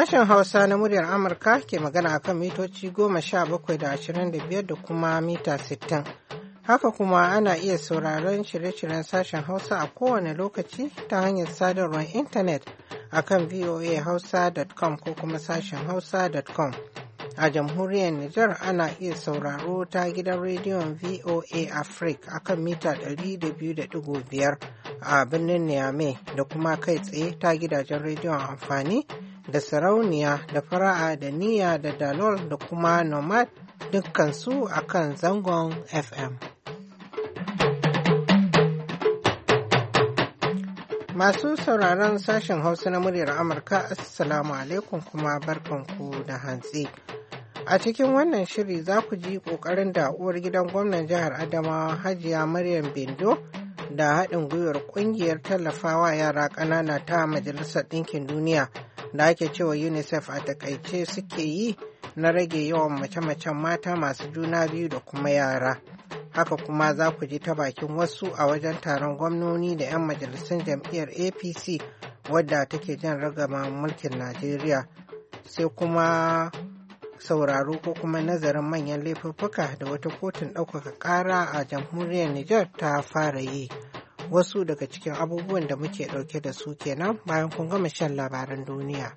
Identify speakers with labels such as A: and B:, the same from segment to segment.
A: Sashen Hausa na muryar Amurka ke magana kan mitoci goma sha bakwai da ashirin da biyar da kuma mita sittin. Haka kuma ana iya sauraron shirye-shiryen sashen Hausa a kowane lokaci ta hanyar sadarwar intanet akan voahausa.com ko kuma sashen hausa.com. A jamhuriyar Nijar ana iya sauraro ta gidan rediyon VOA Africa a kan mita 200.5 a birnin Niamey da kuma kai tsaye ta gidajen rediyon amfani da sarauniya da fara'a da niyya da dalol da kuma nomad dukkansu a kan zangon fm masu sauraron sashen hausa na muryar amurka assalamu alaikum kuma barkanku da hantsi a cikin wannan shiri za ku ji kokarin da uwar gidan gwamnan jihar adamawa hajiya maryam bindo da haɗin gwiwar ƙungiyar tallafawa yara ƙanana ta majalisar ɗinkin duniya da ake cewa unicef a takaice suke yi na rage yawan mace-macen mata masu juna biyu da kuma yara haka kuma za ku ji ta bakin wasu a wajen taron gwamnoni da 'yan majalisun jam'iyyar apc wadda take jan ragama mulkin najeriya sai kuma sauraro ko kuma nazarin manyan laifuffuka da wata kotun ɗaukaka ƙara a jamhuriyar niger ta fara yi. wasu daga cikin abubuwan da muke ɗauke da su kenan bayan kun gama shan labaran duniya.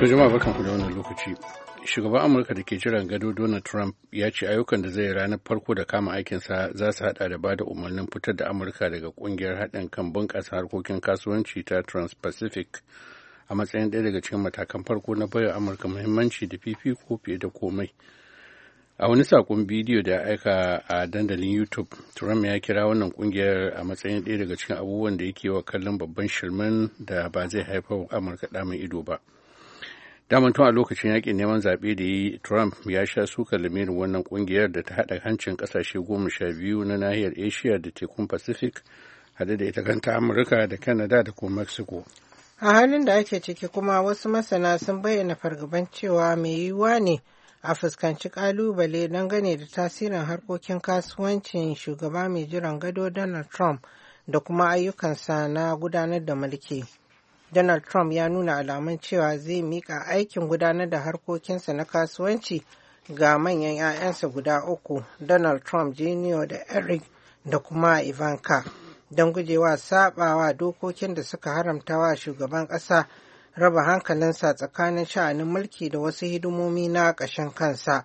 B: To bakan barkan ku da wannan lokaci. Shugaban Amurka da ke jiran gado Donald Trump ya ce ayyukan da zai yi ranar farko da kama aikinsa za su hada da bada umarnin fitar da Amurka daga kungiyar haɗin kan bunƙasa harkokin kasuwanci ta Trans-Pacific a matsayin ɗaya daga cikin matakan farko na bayar Amurka muhimmanci da fifiko fiye da komai. a wani sakon bidiyo da ya aika a dandalin youtube trump ya kira wannan kungiyar a matsayin ɗaya daga cikin abubuwan da yake wa kallon babban shirman da ba zai haifar wa amurka damar ido ba daman tun a lokacin yakin neman zaɓe da yi trump ya sha suka lamirin wannan kungiyar da ta haɗa hancin ƙasashe goma sha biyu na nahiyar asia da tekun pacific haɗe da ita kanta amurka da canada da kuma mexico
A: a halin da ake ciki kuma wasu masana sun bayyana fargaban cewa mai yiwuwa ne a fuskanci kalubale dangane da tasirin harkokin kasuwancin shugaba mai jiran gado donald trump da kuma ayyukansa na gudanar da mulki donald trump ya nuna alamun cewa zai mika aikin gudanar da harkokinsa na kasuwanci ga manyan 'ya'yansa guda uku donald trump jr da eric da kuma ivanka don gujewa sabawa dokokin da suka haramta wa shugaban kasa. raba hankalinsa tsakanin sha'anin mulki da wasu hidimomi na ƙashin kansa.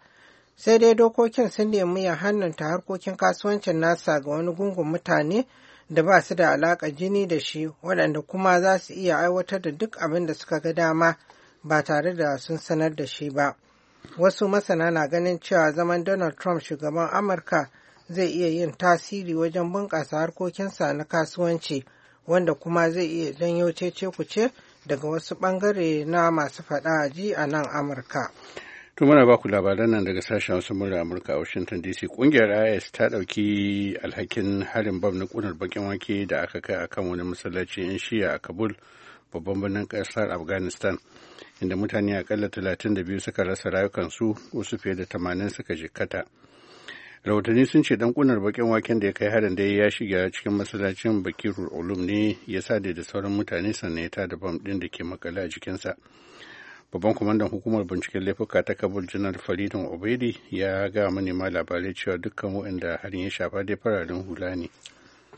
A: Sai dai dokokin sun nemi ya hannunta harkokin kasuwancin nasa ga wani gungun mutane da ba su da alaƙa jini da shi waɗanda kuma za su iya aiwatar da duk abin da suka ga dama ba tare da sun sanar da shi ba. Wasu masana na ganin cewa zaman Donald Trump shugaban Amurka zai iya yin tasiri wajen bunƙasa harkokinsa na kasuwanci wanda kuma zai iya janyo ku kuce daga wasu bangare na masu faɗa ji a nan amurka
B: to muna baku labaran nan daga sashen wasu murar amurka a washington dc kungiyar is ta dauki alhakin harin bam na kunar bakin wake da aka kai a kan wani masallaci yan shiya a kabul babban birnin kasar afghanistan inda mutane akalla 32 suka rasa rayukansu wasu fiye da 80 suka jikkata rahotanni sun ce dan kunar bakin waken da ya kai harin da ya shiga cikin masallacin bakirul ulum ne ya sade da sauran mutane sannan ya tada bam din da ke makale a jikinsa babban kwamandan hukumar binciken laifuka ta kabul janar faridun obedi ya ga manema labarai cewa dukkan waɗanda harin ya shafa dai fararen hula ne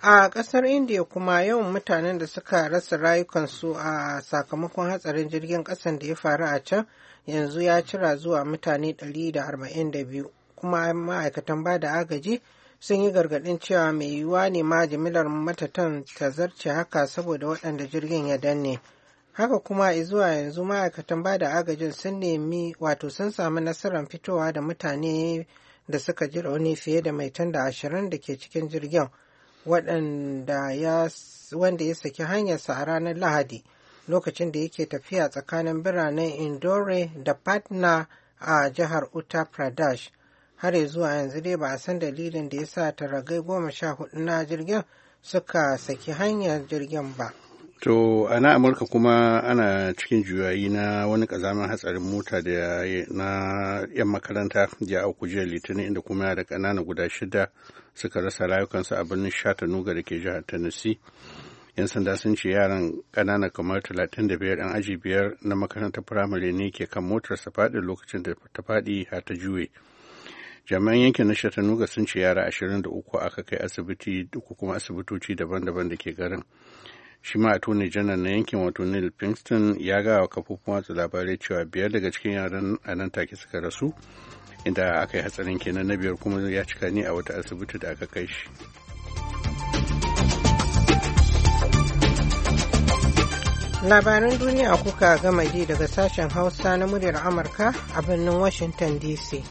A: a kasar india kuma yawan mutanen da suka rasa rayukansu a sakamakon hatsarin jirgin kasan da ya faru a can yanzu ya cira zuwa mutane 142 kuma ma'aikatan ba da agaji sun yi gargaɗin cewa mai yiwuwa ne ma jimilar matatan ta zarce haka saboda waɗanda jirgin ya danne haka kuma zuwa yanzu ma'aikatan ba da agajin sun nemi wato sun samu nasarar fitowa da mutane da suka ji rauni fiye da mai tanda ashirin da ke cikin jirgin waɗanda ya wanda ya saki hanyarsa a ranar lahadi lokacin da yake tafiya tsakanin biranen indore da patna a jihar uttar pradesh har zuwa yanzu dai ba a san dalilin da ya sa taragai goma sha hudu na jirgin suka saki hanyar jirgin ba.
B: To, a na Amurka kuma ana cikin juyayi na wani kazamin hatsarin mota da na 'yan makaranta ya auku jiya litinin inda kuma da ƙanana guda shida suka rasa rayukansu a birnin Chattanooga da ke jihar Tennessee. 'Yan sanda sun ce yaran ƙanana kamar 35 'yan aji biyar na makarantar firamare ne ke kan motar sa faɗi lokacin da ta faɗi har ta juye. jami'an yankin na chattanooga sun ce yara 23 aka kai asibiti uku kuma asibitoci daban-daban da ke garin shi ma attorney janar na yankin wato neil pinkston ya ga wa kafofin watsa labarai cewa biyar daga cikin yaran a nan take suka rasu inda aka yi hatsarin kenan na biyar kuma ya cika ne a wata asibiti da aka kai shi
A: labaran duniya kuka gama ji daga sashen hausa na muryar amurka a birnin washington dc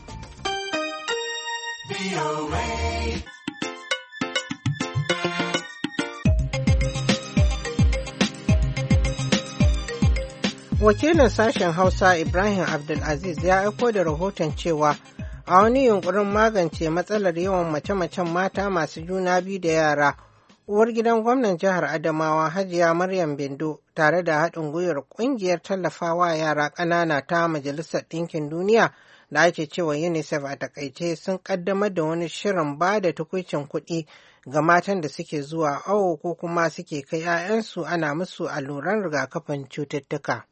A: Wakilin sashen Hausa Ibrahim Abdulaziz ya aiko da rahoton cewa a wani yunkurin magance matsalar yawan mace-macen mata masu juna biyu da yara. Uwar gidan gwamnan jihar Adamawa Hajiya Maryam Bindo tare da haɗin gwiwar ƙungiyar tallafawa yara ƙanana ta Majalisar Ɗinkin Duniya da ake cewa unicef a takaice sun kaddamar da wani shirin ba da tukuicin kuɗi ga matan da suke zuwa awo ko kuma suke kai 'ya'yansu ana musu alluran rigakafin cututtuka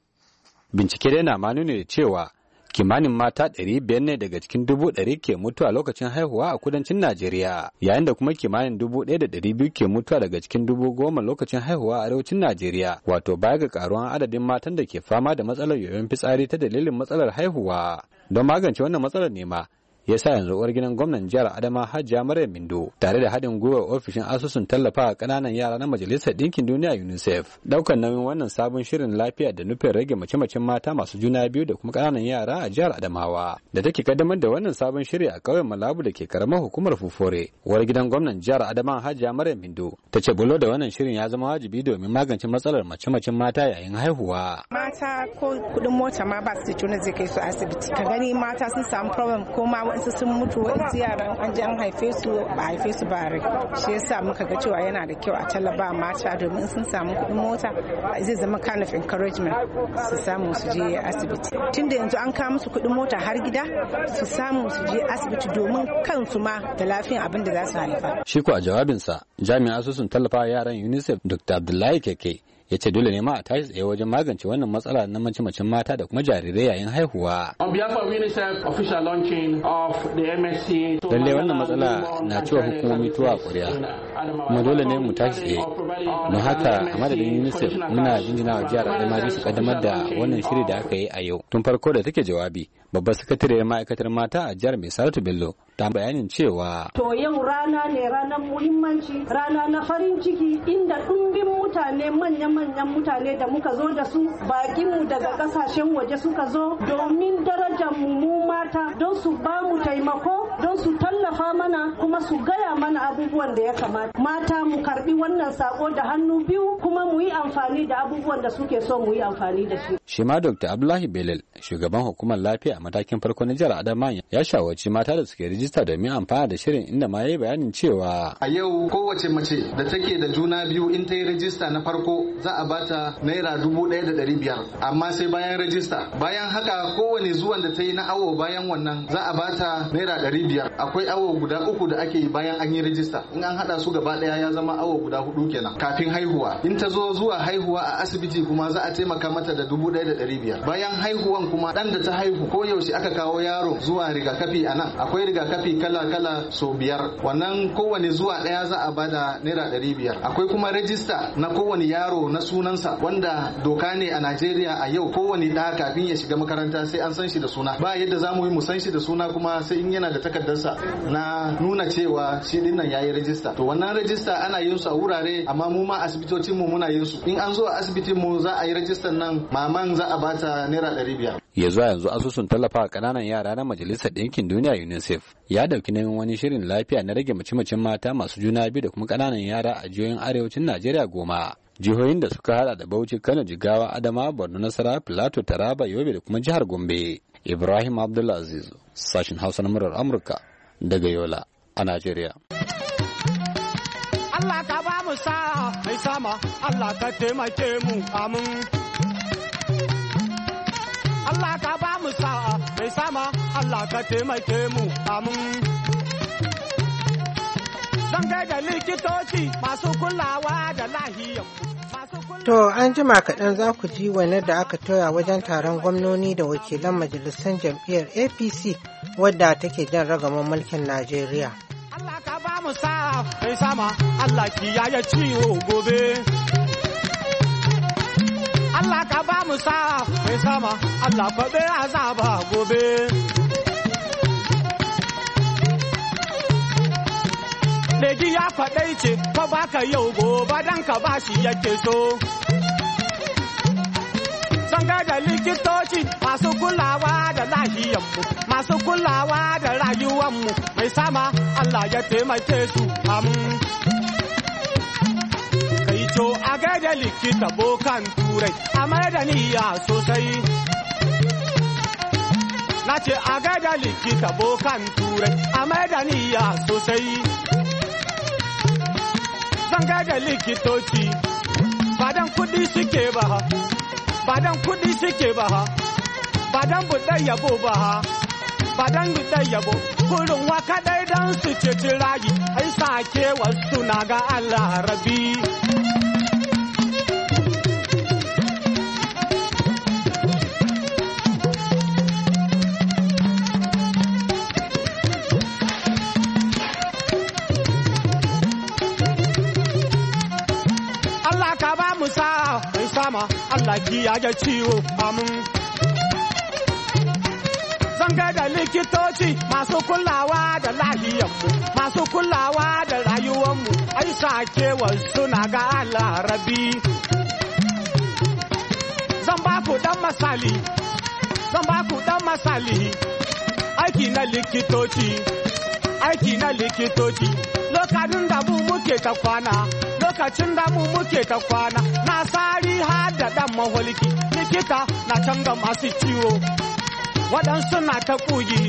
C: bincike dai na ma da cewa kimanin mata 500 ne daga cikin 100 ke mutuwa lokacin haihuwa a kudancin Najeriya yayin da kuma kimanin 1,200 ke mutuwa daga cikin 10,000 lokacin haihuwa a arewacin Najeriya wato baya ga karuwan adadin matan da ke fama da matsalar yoyon fitsari ta dalilin matsalar haihuwa don magance wannan matsalar ne ma ya sa yanzu uwar gidan gwamnan jihar adama hajiya maryam mindo tare da haɗin gwiwar ofishin asusun tallafa ƙananan yara na majalisar ɗinkin duniya unicef ɗaukar nauyin wannan sabon shirin lafiya da nufin rage mace-macen mata masu juna biyu da kuma ƙananan yara a jihar adamawa da take kaddamar da wannan sabon shiri a ƙauyen malabu da ke karamar hukumar fufore uwar gidan gwamnan jihar adama hajiya maryam mindo ta ce bulo da wannan shirin ya zama wajibi domin magance matsalar mace-macen mata yayin haihuwa.
A: mata ko kuɗin mota ma ba su da juna zai kai su asibiti ka gani mata sun samu problem ko ma wa'ansu sun mutu wa'ansu yaran an je an haife su ba haife su ba rai shi yasa muka ga cewa yana da kyau a tallaba mata domin sun samu kuɗin mota zai zama kind of encouragement su samu su je asibiti tunda yanzu an kawo musu kuɗin mota har gida su samu su je asibiti domin kansu ma da lafiyan abin da za su haifa
C: shi ko a jawabinsa jami'a su sun tallafa yaran UNICEF Dr. Abdullahi Keke ya ce dole ne ma a tashi tsaye wajen magance wannan matsala na mace-macen mata da kuma jarirai yayin haihuwa.
B: Lallai wannan matsala na cewa hukumomi tuwa
C: ƙuri'a kuma dole ne mu tashi tsaye. Don haka a madadin UNICEF muna jinjina wa jihar Adamawa su kaddamar da wannan shiri da aka yi a yau. Tun farko da take jawabi babbar sakatare ma'aikatar mata a jihar mai saratu bello ta bayanin cewa
D: to yau rana ne ranar muhimmanci rana na farin ciki inda ɗumbin mutane manya-manyan mutane da muka zo da su bakinmu daga kasashen waje suka zo domin darajar mu mata don su ba mu taimako don su tallafa mana kuma su gaya mana abubuwan da ya kamata mata mu karbi wannan sako da hannu biyu kuma mu yi amfani da abubuwan da suke so mu yi amfani da shi
C: shi ma dr abdullahi belal shugaban hukumar lafiya matakin farko na jihar adama ya shawarci mata da suke rijista domin amfana da shirin inda ma yayi bayanin cewa a
E: yau kowace mace da take da juna biyu in ta yi rijista na farko za a bata naira dubu ɗaya da ɗari biyar amma sai bayan rijista. bayan haka kowane zuwan da ta yi na awo bayan wannan za a bata naira ɗari biyar akwai awo guda uku da ake yi bayan an yi rijista. in an haɗa su gaba ɗaya ya zama awo guda hudu kenan kafin haihuwa in ta zo zuwa haihuwa a asibiti kuma za a taimaka mata da dubu ɗaya da ɗari biyar bayan haihuwan kuma ɗan da ta haihu ko yaushe aka kawo yaro zuwa rigakafi a nan akwai rigakafi kala-kala so biyar wannan kowane zuwa daya za a bada naira ɗari biyar akwai kuma rajista na kowane yaro na sunansa wanda doka ne a najeriya a yau kowane ɗa kafin ya shiga makaranta sai an san shi da suna ba yadda za mu yi mu san shi da suna kuma sai in yana da takardarsa na nuna cewa shi dinnan ya yi rajista to wannan rajista ana yin su a wurare amma mu ma asibitocin mu muna yin su in an zo a asibitin mu za a yi rajistan nan maman za a bata naira ɗari biyar.
C: yanzu yanzu asusun tallafawa kananan yara na Majalisar Ɗinkin Duniya UNICEF ya dauki neman wani shirin lafiya na rage mace-macen mata masu juna biyu da kuma kananan yara a jihohin arewacin Najeriya goma. Jihohin da suka hada da Bauchi, Kano, Jigawa, Adama, Borno, Nasara, Filato, Taraba, Yobe da kuma jihar Gombe. Ibrahim Abdulaziz, sashin Hausa na murar Amurka daga Yola a Najeriya.
F: Allah ka ba mu sa mai sama, Allah ka taimake mu amin. ba mu sa'a mai sama Allah ka taimake mu amin. Zan da likitoci masu kulawa da lahiyar.
A: To an jima kaɗan za ku ji wani da aka toya wajen taron gwamnoni da wakilan Majalisar jam'iyyar APC wadda take jan ragaman mulkin Najeriya.
F: Allah ka ba mu sa'a mai sama Allah kiyaye ciwo gobe. Allah ka ba mu sa mai sama Allah ka azaba gobe Leji ya faɗai ce fa baka yau gobe dan ka ba shi yake so Sun da likitoci masu kulawa da lahiyanmu masu kulawa da rayuwanmu mai sama Allah ya taimake su amin To a gaida likita bokan turai a mai da niyya sosai. Na ce a gaida likita bokan turai a mai da niyya sosai. Zan gaida likitoci badan kudi suke ba ha, badan kudi suke ba ha, badan buɗe yabo ba ha, badan buɗe yabo. Kurin wa kaɗai don su ce rayu, ai sake wasu na ga Allah rabbi rama Allah kiyaye ciwo amin. zanga da likitoci masu kulawa da lahiyanmu, masu kulawa da rayuwanmu, ai sakewar suna ga larabi. Zan ba ku dan masali, zan ba ku dan masali, aiki na likitoci, aiki na likitoci, lokacin da mu muke ta kwana. lokacin da mu muke ta kwana na sari har da dan maholiki likita na canza masu ciwo waɗansu na ta kugi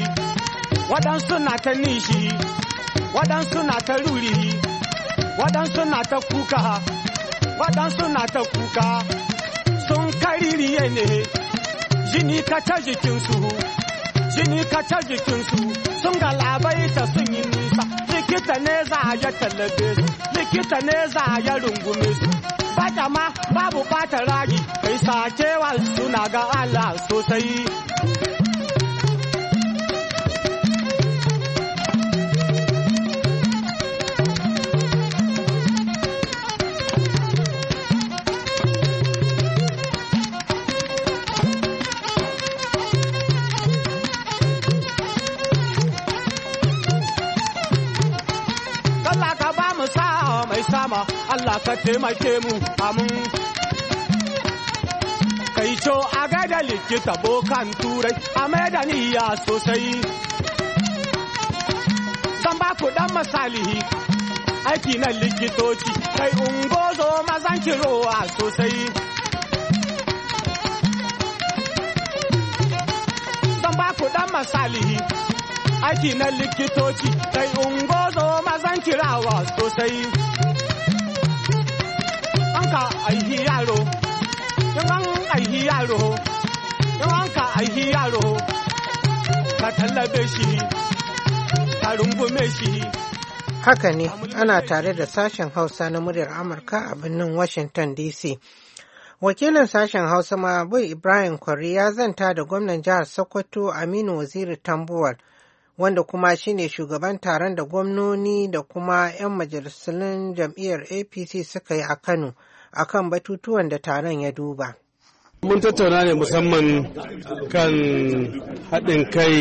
F: waɗansu na ta nishi waɗansu na ta ruri waɗansu na ta kuka waɗansu na ta kuka sun kaririye ne jini ka ta jikinsu jini jikin su sun galabaita sun yi nisa likita ne za a ya talabe su likita ne za a ya rungume su bata ma babu bata ragi kai kewa suna ga Allah sosai ka taimake mu amin. Kai co a gaida likita bokan turai a mai da niyya sosai. Zan ba ku dan misalihi aiki na likitoci kai ungozo mazan kirowa sosai. Zan ba ku dan misalihi aiki na likitoci kai ungozo mazan kirawa sosai. ka aihi yaro aihi yaro ka aihi yaro ka tallabe shi ka rungume shi
A: haka ne ana tare da sashen hausa na muryar amurka a birnin washington dc wakilin sashen hausa ma bai ibrahim kwari ya zanta da gwamnan jihar sokoto aminu waziri tambuwal wanda kuma shine shugaban taron da gwamnoni da kuma 'yan majalisun jam'iyyar apc suka yi a kano akan batutuwan da taron ya duba.
G: mun tattauna ne musamman kan haɗin kai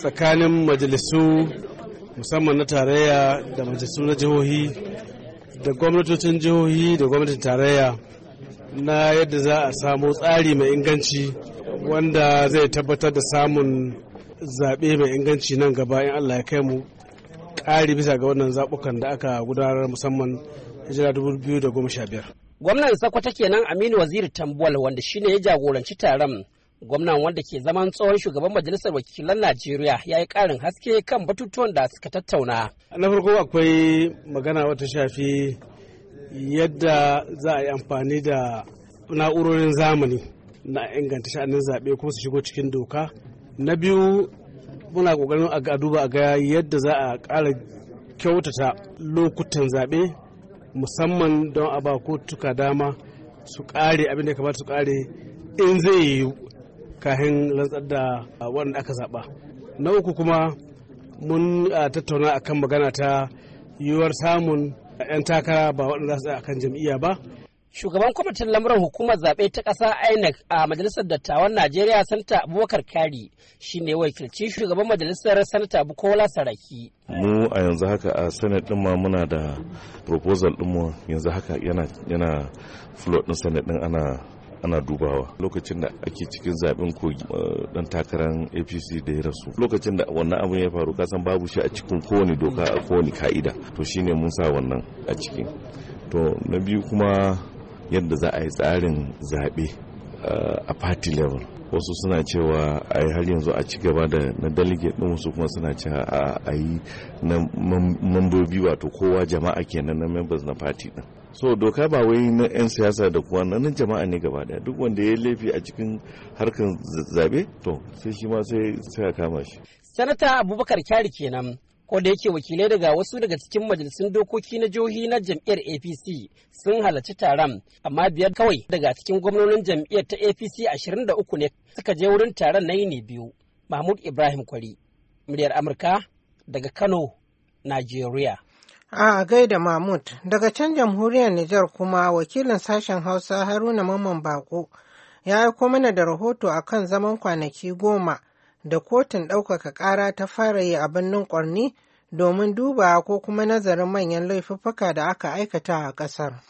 G: tsakanin majalisu musamman na tarayya da majalisu na jihohi da gwamnatocin jihohi da gwamnatin tarayya na yadda za a samu tsari mai inganci wanda zai tabbatar da samun zaɓe mai inganci nan gaba in allah ya kai mu ƙari bisa ga wannan zaɓukan da aka gudanar musamman hijira
D: 2015 Gwamnan Sokoto kenan Aminu Waziri Tambuwal wanda shine ya jagoranci taron. Gwamnan wanda ke zaman tsohon shugaban majalisar wakilan Najeriya ya yi ƙarin haske kan batutuwan da suka tattauna.
G: Na farko akwai magana wata shafi yadda za a yi amfani da na'urorin zamani na inganta sha'anin zaɓe kuma su shigo cikin doka. Na biyu muna ƙoƙarin a duba a ga yadda za a ƙara kyautata lokutan zaɓe musamman don a ba kotuka dama su kare abin da kamata su kare in zai yi kahin rantsar da waɗanda aka zaɓa na uku kuma mun tattauna akan magana ta yiwuwar samun 'yan takara ba waɗanda za su a
D: kan jam'iyya ba Shugaban kwamitin lamuran hukumar zaɓe ta ƙasa INEC a Majalisar Dattawan Najeriya Sanata Abubakar Kari shi ne wakilci shugaban majalisar Sanata Bukola Saraki.
H: Mu a yanzu haka a Senate ɗin ma muna da proposal ɗin mu yanzu haka yana yana float ɗin Senate ɗin ana ana dubawa lokacin da ake cikin zaɓen kogi dan eh, takarar apc da ya rasu lokacin da wannan abin ya faru kasan babu shi a cikin kowane doka a kowane ka'ida to shine mun sa wannan a ciki to na biyu kuma yadda za a yi tsarin zaɓe uh, a party level wasu suna cewa a yi har yanzu a ci gaba da na delegate ɗin wasu kuma suna cewa a yi na mambobi wato kowa jama'a kenan na members na party ɗin so doka ba wai na 'yan siyasa da kuwa nan jama'a ne gaba daya duk wanda ya laifi a cikin harkar zabe to sai shi ma sai a kama shi
D: sanata abubakar kyari kenan ko da yake wakilai daga wasu daga cikin majalisun dokoki na jihohi na jam'iyyar apc sun halarci taron amma biyar kawai daga cikin gwamnonin jam'iyyar ta apc ashirin 23 ne suka je wurin taron na yi yini biyu mahmud ibrahim kwari muryar amurka daga kano nigeria a gaida
A: mahmud daga can jamhuriyar nijar kuma wakilin sashen hausa haruna mamman bako ya aiko mana da rahoto akan zaman kwanaki goma da kotun ɗaukaka ƙara ta fara yi a birnin ƙwarni domin duba ko kuma nazarin manyan laifuffuka da aka aikata a ƙasar.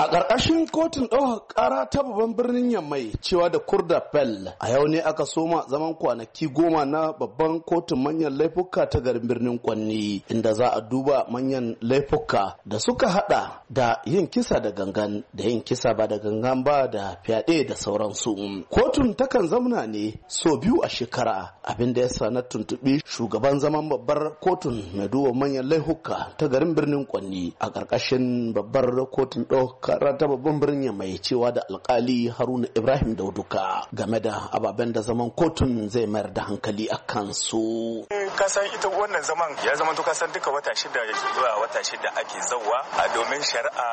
I: A ƙarƙashin kotun ɗaukar ƙara ta babban birnin Yammai cewa da Kurda pel. a yau ne aka soma zaman kwanaki goma na babban kotun manyan laifuka ta garin birnin Kwanni inda za a duba manyan laifuka da suka hada da yin kisa da gangan da yin kisa ba da gangan ba da fyaɗe da sauransu. Kotun takan zamna ne so biyu a shekara abin da ya sa na tuntuɓi shugaban zaman babbar kotun mai duba manyan laifuka ta garin birnin Kwanni a ƙarƙashin babbar kotun ɗaukar karkara ta babban birnin mai cewa da alkali haruna ibrahim dauduka game da ababen da zaman kotun zai mayar da hankali a kansu
H: kasan ita wannan zaman ya zama to kasan duka wata shida zuwa wata shida ake zauwa a domin shari'a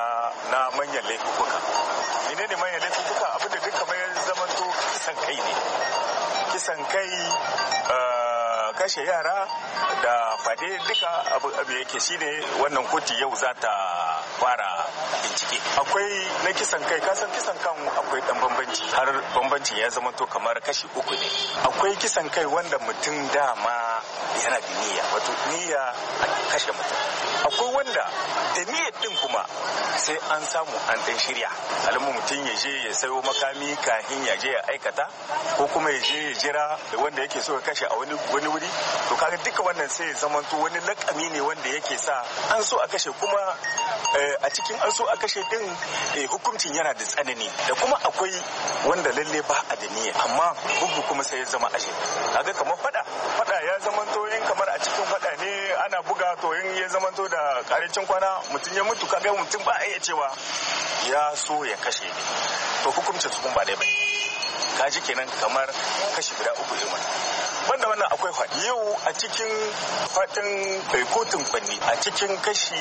H: na manyan laifuka menene manyan laifuka abinda duka mai zaman to kisan kai ne kisan kai eh, kashe yara da fade duka abu yake shine wannan kotu yau za ta fara bincike akwai na kisan kai kasan kisan kan akwai dan bambanci har bambancin ya zama to kamar kashi uku ne akwai kisan kai wanda mutum dama yana da niyya wato niyya a kashe mutum akwai wanda da niyyar din kuma sai an samu an dan shirya alamu mutum ya je ya sayo makami kahin ya je ya aikata ko kuma ya je ya jira da wanda yake so ya kashe a wani wani wuri to kaga duka wannan sai ya zamanto wani lakami ne wanda yake sa an so a kashe kuma eh, a cikin an so a kashe din eh, hukuncin yana da tsanani da kuma akwai wanda lalle ba a da niyya amma bugu kuma sai ya zama ashe kaga kamar fada fada ya zama zamanto kamar a cikin fada ne ana buga to in ya zamanto da karancin kwana mutum ya mutu kaga mutum ba a iya cewa ya so ya kashe ne to hukuncin su kun ba dai bai kaji kenan kamar kashi guda uku irin banda wannan akwai fa yau a cikin fadin kotun kwanni a cikin kashi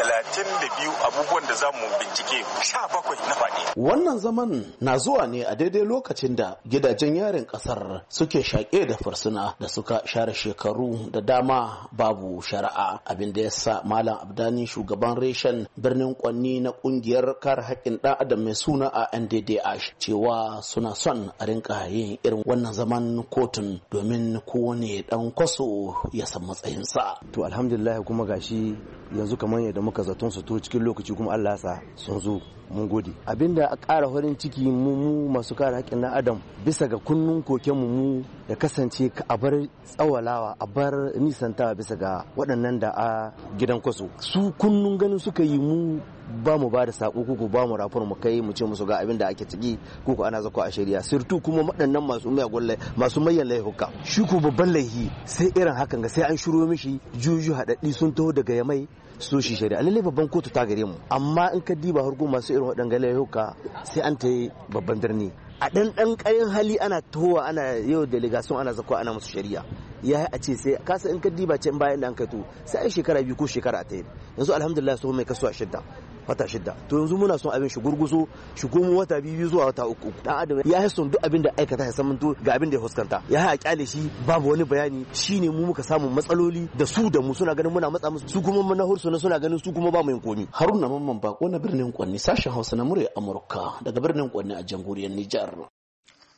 H: talatin da biyu abubuwan da zamu bincike sha bakwai
I: na faɗi. wannan zaman na zuwa ne a daidai lokacin da gidajen yarin ƙasar suke shaƙe da fursuna da suka share shekaru da dama babu shari'a abin da ya malam abdani shugaban reshen birnin kwanni na ƙungiyar kare haƙƙin ɗan adam mai suna a nddah cewa suna son a rinka yin irin wannan zaman kotun domin kowane dan kwaso ya san matsayinsa to alhamdulillah kuma gashi yanzu kamar yadda muka
J: zaton su to cikin lokaci kuma Allah sa sun zo mun gode abinda a ƙara farin ciki mu mu masu kare haƙƙin na adam bisa ga kunnun koken mu mu ya kasance a bar tsawalawa a bar nisantawa bisa ga waɗannan da a gidan kwaso su kunnun ganin suka yi mu ba mu ba da sako kuku ba mu rafar mu kai mu ce musu ga abin da ake ciki kuku ana zakwa a shari'a sirtu kuma maɗannan masu mayagun masu mayan laihuka shi ko babban laifi. sai irin hakan ga sai an shiro mishi juju haɗaɗɗi sun taho daga yamai su shi shari'a lallai babban kotu ta gare mu amma in ka diba harko masu irin waɗanga laihuka sai an ta yi babban birni a ɗan ɗan ƙarin hali ana towa ana yau delegation ana zakwa ana musu shari'a ya a ce sai kasa in ka diba can bayan da an kai to sai shekara biyu ko shekara ta yanzu alhamdulillah su mai kaso a shidda wata shida to yanzu muna son abin shi gurguso shi goma wata biyu zuwa wata uku dan adam ya yi son duk abin da aikata ya san to ga abin da ya fuskanta ya ha kyale shi babu wani bayani
I: shine mu muka samu matsaloli da su da mu suna ganin muna matsa musu su kuma na hursu suna ganin su kuma ba mu yin komi haruna mamman bako na birnin kwanni sashen hausa na murya amurka daga birnin kwanni a jamhuriyar
D: nijar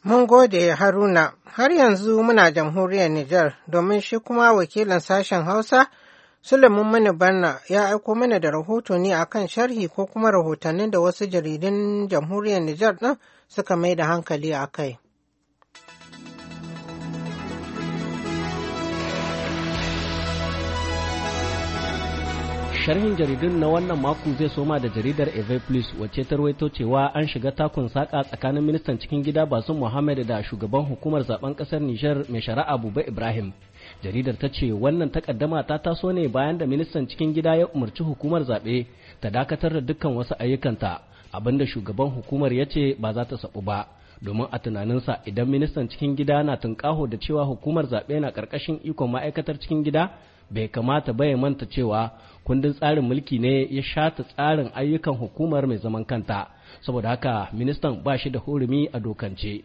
A: Mun gode Haruna, har yanzu muna jamhuriyar Nijar domin shi kuma wakilin sashen Hausa Suleiman Mana Barna ya aiko mana da rahoto ne akan sharhi ko kuma rahotannin da wasu jaridun jamhuriyar Nijar ɗin suka mai da hankali a kai. sharhin jaridun na
K: wannan mako zai soma da jaridar Eve Plus wacce ta rawaito cewa an shiga takun saka tsakanin ministan cikin gida Basun Muhammad da shugaban hukumar zaben kasar Nijar mai shari'a Buba Ibrahim jaridar ta ce wannan takaddama ta taso ne bayan da ministan cikin gida ya umarci hukumar zaɓe ta dakatar da dukkan wasu ayyukanta abinda shugaban hukumar ya ce ba za ta saɓu ba domin a tunaninsa idan ministan cikin gida na tunƙaho da cewa hukumar zaɓe na ƙarƙashin ikon ma'aikatar cikin gida bai kamata ba ya manta cewa kundin tsarin mulki ne ya shata tsarin ayyukan hukumar mai zaman kanta saboda haka ministan ba shi da hurumi a dokance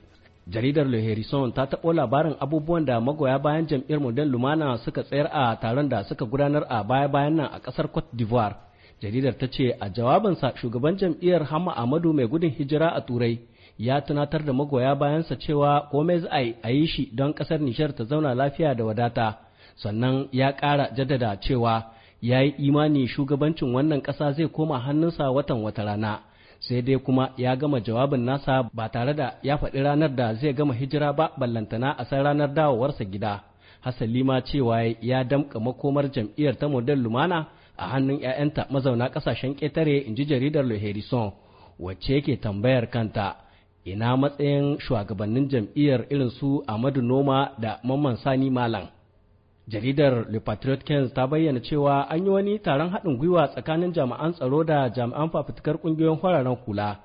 K: jaridar le harrison ta taɓo labarin abubuwan da magoya bayan jam'iyyar modern lumana suka tsayar a taron da suka gudanar a baya bayan nan a ƙasar cote d'ivoire jaridar ta ce a jawabinsa shugaban jam'iyyar hama ahmadu mai gudun hijira a turai ya tunatar da magoya bayansa cewa komai za a yi shi don ƙasar nijar ta zauna lafiya da wadata sannan ya ƙara jaddada cewa ya yi imani shugabancin wannan ƙasa zai koma hannunsa watan wata rana sai dai kuma ya gama jawabin nasa ba tare da ya faɗi ranar da zai gama hijira ba ballantana a san ranar dawowarsa gida hasali ma cewa ya damƙa makomar jam'iyyar ta model lumana a hannun 'ya'yanta mazauna ƙasashen ƙetare in ji jaridar le wacce yake tambayar kanta ina matsayin shugabannin jam'iyyar irin su amadu noma da mamman sani malam jaridar le patriot ta bayyana cewa an yi wani taron haɗin gwiwa tsakanin jami'an tsaro da jami'an fafutukar ƙungiyoyin fararen kula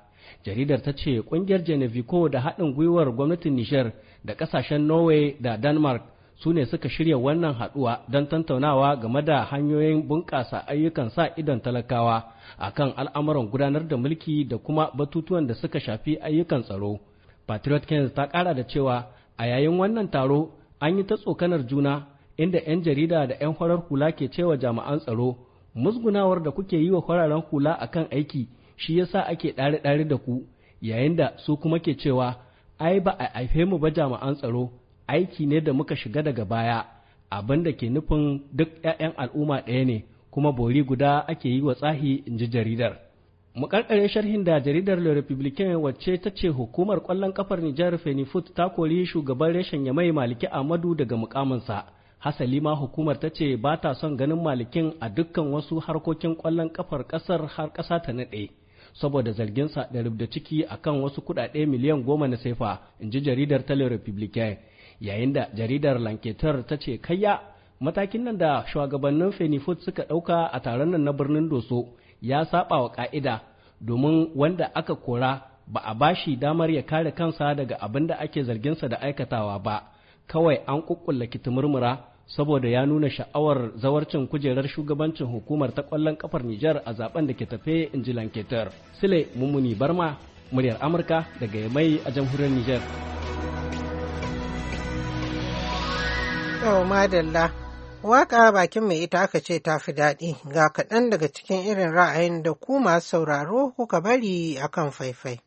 K: jaridar ta ce ƙungiyar genevico da haɗin gwiwar gwamnatin niger da ƙasashen norway da denmark su ne suka shirya wannan haɗuwa don tantaunawa game da hanyoyin bunƙasa ayyukan sa idon talakawa akan al'amuran gudanar da mulki da kuma batutuwan da suka shafi ayyukan tsaro patriot 15 ta ƙara da cewa a yayin wannan taro an yi ta tsokanar juna inda 'yan jarida da 'yan farar hula ke cewa jami'an tsaro musgunawar da kuke yi wa fararen hula a kan aiki shi yasa ake ɗare-ɗare da ku yayin da su kuma ke cewa ai ba a haife mu ba jami'an tsaro aiki ne da muka shiga daga baya abin da ke nufin duk 'ya'yan al'umma ɗaya ne kuma bori guda ake yi wa tsahi in ji jaridar mukarkare sharhin da jaridar le republican wacce ta ce hukumar kwallon kafar nijar fenifut ta kori shugaban reshen yamai maliki amadu daga mukaminsa hasali ma hukumar ta ce ba ta son ganin malikin a dukkan wasu harkokin ƙwallon kafar ƙasar har ƙasa ta nade saboda zargin sa da rubda ciki akan wasu kuɗaɗe miliyan goma na sefa in ji jaridar tele republican yayin da jaridar lanketar ta ce kayya matakin nan da shugabannin fenifot suka ɗauka a taron nan na birnin doso ya saba wa ƙa'ida domin wanda aka kora ba a bashi damar ya kare kansa daga abin da ake sa da aikatawa ba kawai an kukkulla kitimurmura saboda ya nuna sha'awar zawarcin kujerar shugabancin hukumar ta ƙwallon ƙafar Nijar a zaben da ke tafe in ji Lanketer. Sule Mummuni Barma, muryar Amurka daga Yamai a jamhuriyar Nijar.
A: Yau madalla, waka bakin mai ita aka ce ta fi daɗi ga kaɗan daga cikin irin ra'ayin da ku masu sauraro kuka bari akan faifai.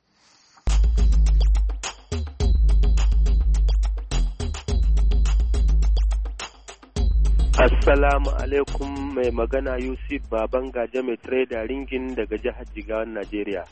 L: Assalamu alaikum mai magana Yusuf Baban Gaje mai trader ringin daga jihar Jigawan Najeriya.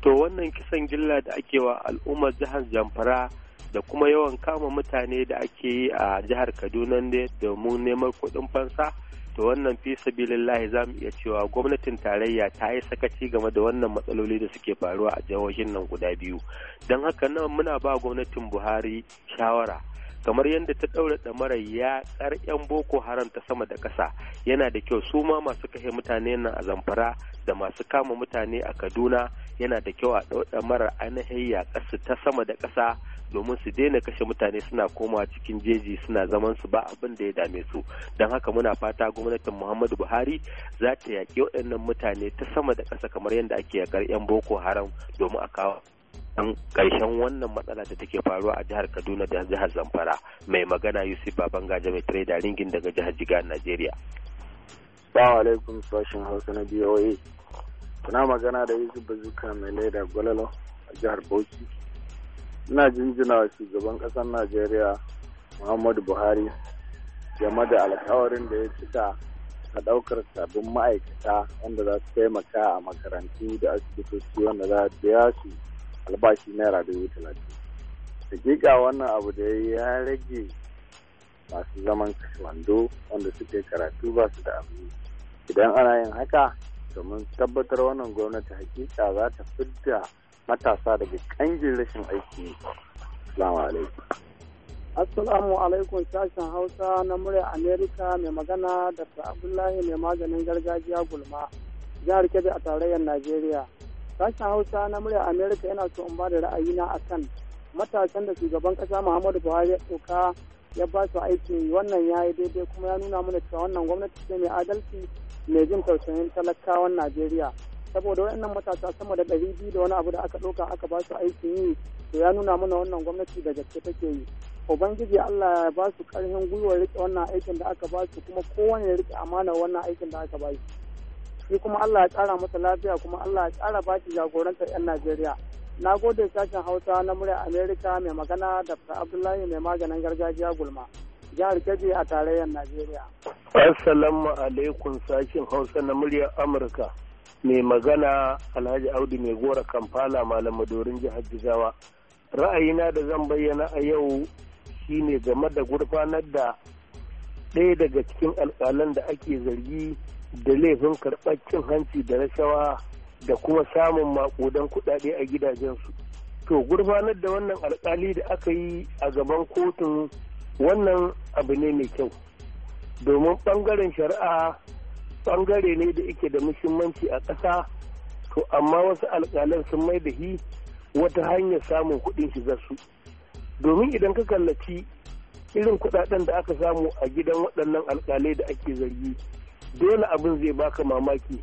L: To wannan kisan gilla da ake wa al'ummar jihar Zamfara da kuma yawan kama mutane da ake yi a jihar Kaduna ne domin neman kuɗin fansa. To wannan fi sabilillahi za mu iya cewa gwamnatin tarayya ta yi sakaci game da wannan matsaloli da suke faruwa a jihohin nan guda biyu. Don haka nan muna ba gwamnatin Buhari shawara. kamar yadda ta ɗaura ɗamara ya tsar 'yan boko haram ta sama da ƙasa yana da kyau su ma masu kashe mutane nan a zamfara da masu kama mutane a kaduna yana da kyau a ɗaura ɗamara ainihin ƙasa ta sama da ƙasa domin su daina kashe mutane suna koma cikin jeji suna zaman su ba abin da ya dame su don haka muna fata gwamnatin muhammadu buhari za ta yaƙi waɗannan mutane ta sama da ƙasa kamar yadda ake yaƙar 'yan boko haram domin a kawo dan karshen wannan matsala da take faruwa a jihar Kaduna da jihar Zamfara mai magana Yusuf Babangaje mai trader ringin daga jihar Jigawa Najeriya.
M: Assalamu alaikum sashen Hausa na BOA. Kuna magana da Yusuf Bazuka mai laida Gwalalo a jihar Bauchi. Ina jinjina wa shugaban ƙasar nigeria Muhammadu Buhari game da alkawarin da ya cika a ɗaukar sabbin ma'aikata wanda za su taimaka a makarantu da asibitoci wanda za su biya su albashi naira dubu talatin hakika wannan abu da ya yi ya rage masu zaman wando wanda suke karatu ba su da abu
A: idan ana yin
M: haka domin tabbatar wannan gwamnati hakika za ta fidda matasa daga kangin rashin aiki salamu alaikum assalamu alaikum sashen hausa na murya amerika mai magana da abdullahi mai maganin gargajiya gulma jihar kebbi a tarayyar najeriya Sashen Hausa na murya Amerika yana so in ba da ra'ayina a kan matasan da shugaban ƙasa Muhammadu Buhari ya tsoka ya ba su aiki wannan ya yi daidai kuma ya nuna mana cewa wannan gwamnati ce mai adalci mai jin tausayin talakawan Najeriya. Saboda waɗannan matasa sama da ɗari biyu da wani abu da aka ɗauka aka ba su aikin yi to ya nuna mana wannan gwamnati da gaske take yi. ubangiji Allah ya ba su karfin gwiwar riƙe wannan aikin da aka ba su kuma kowane ya riƙe amana wannan aikin da aka ba su. shi kuma Allah ya ƙara masa lafiya kuma Allah ya ƙara ba shi jagorantar 'yan Najeriya. Na gode sashen Hausa na murya Amerika mai magana da Abdullahi mai maganin gargajiya gulma. Jihar Kebbi a tarayyar Najeriya. Assalamu alaikum sashen Hausa na murya Amurka. Mai magana Alhaji Audu mai gora Kampala Malam Madorin jihar Jigawa. Ra'ayina da zan bayyana a yau shine game da gurfanar da ɗaya daga cikin alƙalan da ake zargi da laifin karɓar hanci da rashawa da kuma samun maƙudan kuɗaɗe a gidajensu to gurfanar da wannan alkali da aka yi a gaban kotun wannan abu ne mai kyau domin ɓangaren shari'a ɓangare ne da yake da muhimmanci a ƙasa to amma wasu alƙalan sun mai da hi wata hanyar samun kuɗin su domin idan ka kallaci irin kuɗaɗen da aka samu a gidan waɗannan alƙalai da ake zargi dole abin zai baka mamaki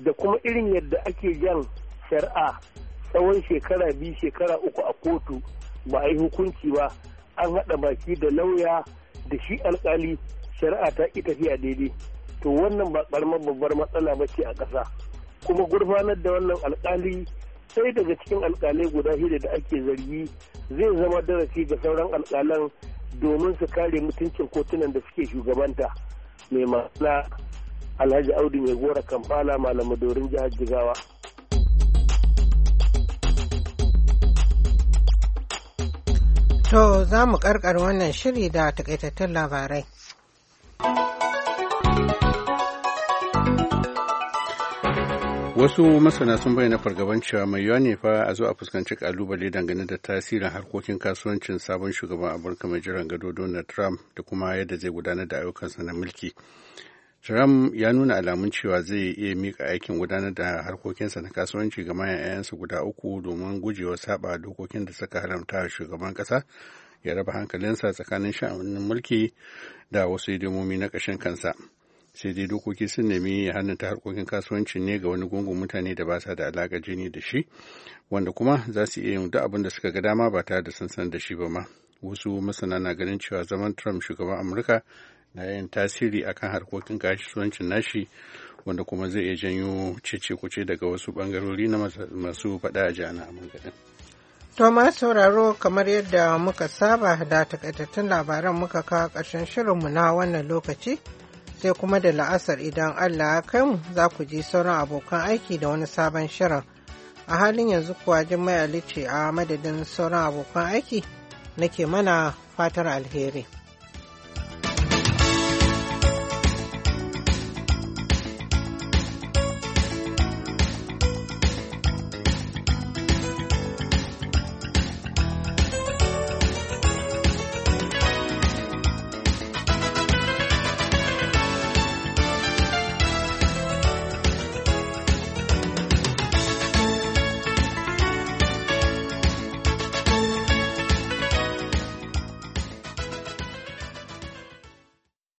M: da kuma irin yadda ake jan shari'a tsawon shekara biyu shekara uku a kotu ba a yi hukunci ba an haɗa baki da lauya da shi alkali shari'a ta ƙi tafiya daidai to wannan ba ƙaramar babbar matsala ba ce a ƙasa kuma gurfanar da wannan alkali sai daga cikin alkalai guda shida da ake zargi zai zama darasi ga sauran alkalan domin su kare mutuncin kotunan da suke shugabanta mai ma'ana alhaji audu mai gora kamfala dorin jihar jigawa
A: To za mu karkar wannan shiri da takaitattun labarai.
B: Wasu masana sun bayyana fargaban cewa mai yiwuwa ne fa a zo a fuskanci kalubale dangane da tasirin harkokin kasuwancin sabon shugaban Amurka mai jiran gado Donald Trump da kuma yadda zai gudanar da ayyukansa na mulki. Trump ya nuna alamun cewa zai iya mika aikin gudanar da harkokinsa na kasuwanci ga mayan 'ya'yansa guda uku domin gujewa saba dokokin da suka haramta shugaban kasa ya raba hankalinsa tsakanin sha'anin mulki da wasu hidimomi na ƙashin kansa. Sai dai dokoki sun nemi ya hannunta harkokin kasuwanci ne ga wani gungun mutane da ba sa da alaƙa jini da shi, wanda kuma za su iya yin duk abin da suka ga dama ba tare da sun san da shi ba ma. Wasu masana na ganin cewa zaman Trump shugaban Amurka na yin tasiri akan harkokin kasuwancin nashi wanda kuma zai iya janyo cece-kuce daga wasu bangarori na masu faɗa a jana a mangadin.
A: To ma sauraro kamar yadda muka saba da takaitattun labaran muka kawo ƙarshen shirinmu na wannan lokaci sai kuma da la'asar idan Allah ya kai mu za ku ji sauran abokan aiki da wani sabon shirin. A halin yanzu kuwa Jummai Ali ce a madadin sauran abokan aiki nake mana fatar alheri.